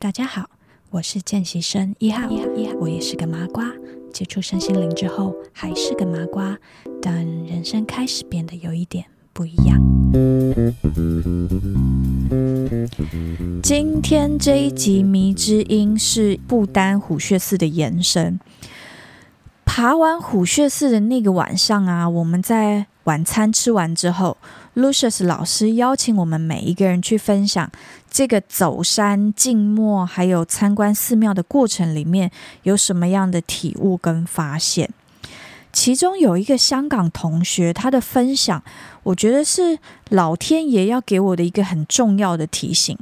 大家好，我是見習生一號，一號，一號我也是個麻瓜。接觸身心靈之後，還是個麻瓜，但人生開始變得有一點不一樣。今天這一集謎之音是不丹虎穴寺的延伸。爬完虎穴寺的那個晚上啊，我們在。晚餐吃完之後，Lucas 老師邀請我們每一個人去分享這個走山、靜默，還有參觀寺廟的過程裡面有什麼樣的體悟跟發現。其中有一個香港同學，他的分享我覺得是老天爺要給我的一個很重要的提醒。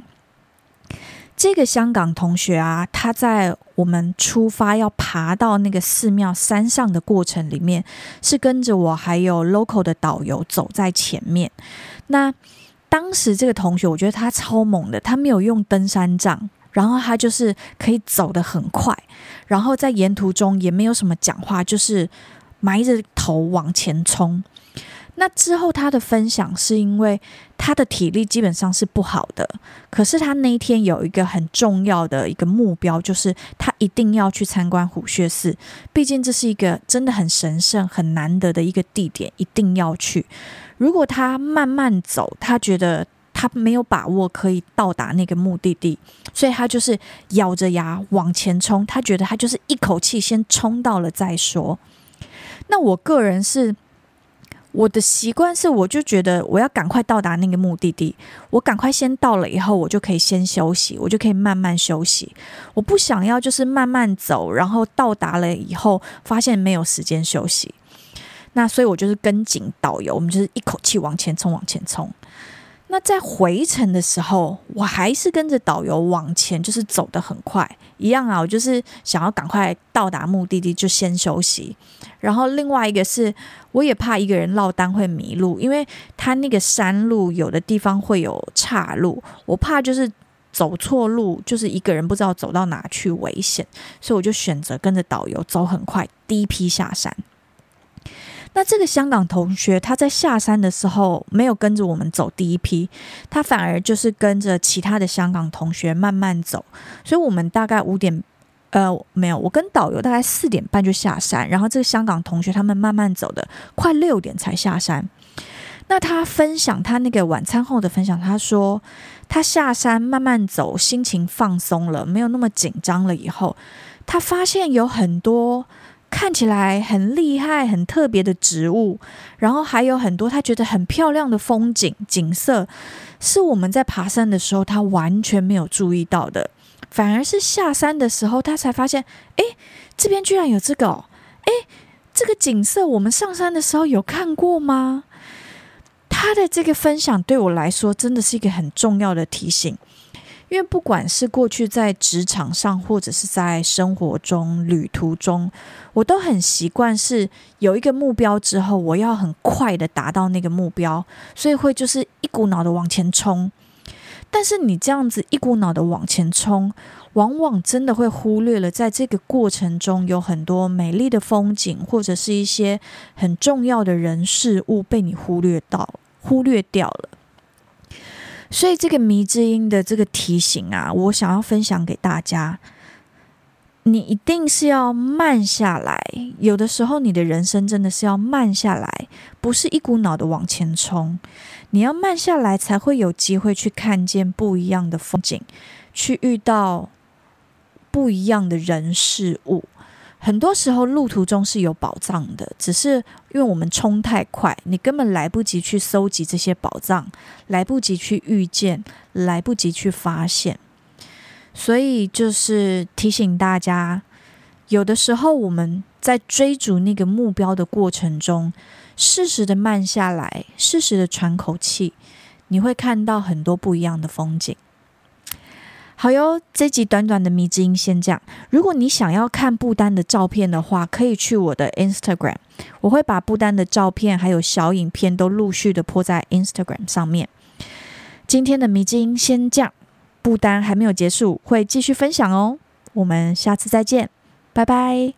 這個香港同學啊，他在我們出發要爬到那個寺廟山上的過程裡面，是跟着我還有 local 的導遊走在前面。那當時這個同學，我覺得他超猛的，他沒有用登山杖，然後他就是可以走得很快，然後在沿途中也沒有什麼講話，就是埋着頭往前衝。那之後，他的分享是因為他的體力基本上是不好的，可是他那一天有一個很重要的一個目標，就是他一定要去參觀虎穴寺，畢竟這是一個真的很神聖、很難得的一個地點，一定要去。如果他慢慢走，他覺得他沒有把握可以到達那個目的地，所以他就是咬着牙往前衝，他覺得他就是一口氣先衝到了再說。那我個人是。我的習慣是，我就覺得我要趕快到達那個目的地。我趕快先到了以後，我就可以先休息，我就可以慢慢休息。我不想要就是慢慢走，然後到達了以後發現沒有時間休息。那所以我就是跟緊導遊，我們就是一口氣往前衝，往前衝。那在回程的時候，我還是跟着導遊往前，就是走得很快，一樣啊。我就是想要趕快到達目的地就先休息，然後另外一個是，我也怕一個人落單會迷路，因為他那個山路有的地方會有岔路，我怕就是走錯路，就是一個人不知道走到哪去危險，所以我就選擇跟着導遊走很快，第一批下山。那這個香港同學他在下山的時候沒有跟着我們走第一批，他反而就是跟着其他的香港同學慢慢走，所以我們大概五點，呃，沒有，我跟導遊大概四點半就下山，然後這個香港同學他們慢慢走的，快六點才下山。那他分享他那個晚餐後的分享，他說他下山慢慢走，心情放鬆了，沒有那麼緊張了，以後他發現有很多。看起來很厲害、很特別的植物，然後還有很多他覺得很漂亮的風景景色，是我們在爬山的時候他完全沒有注意到的，反而是下山的時候他才發現，哎，這邊居然有這個哦，哎，這個景色我們上山的時候有看過嗎？他的這個分享對我來說真的是一個很重要的提醒。因為不管是過去在職場上，或者是在生活中、旅途中，我都很習慣是有一個目標之後，我要很快的達到那個目標，所以會就是一股腦的往前衝。但是你這樣子一股腦的往前衝，往往真的會忽略了在這個過程中有很多美麗的風景，或者是一些很重要的人事物被你忽略到、忽略掉了。所以這個謎之音的這個提醒啊，我想要分享給大家。你一定是要慢下來，有的時候你的人生真的是要慢下來，不是一股腦的往前衝。你要慢下來，才會有機會去看見不一樣的風景，去遇到不一樣的人事物。很多時候路途中是有寶藏的，只是因為我們衝太快，你根本來不及去搜集這些寶藏，來不及去遇見，來不及去發現。所以就是提醒大家，有的時候我們在追逐那個目標的過程中，適時的慢下來，適時的喘口氣，你會看到很多不一樣的風景。好喲，這集短短的迷之音先這樣。如果你想要看不丹的照片的話，可以去我的 Instagram，我會把不丹的照片還有小影片都陸續的 po 在 Instagram 上面。今天的迷之音先這樣，不丹還沒有結束，會繼續分享哦。我們下次再見，拜拜。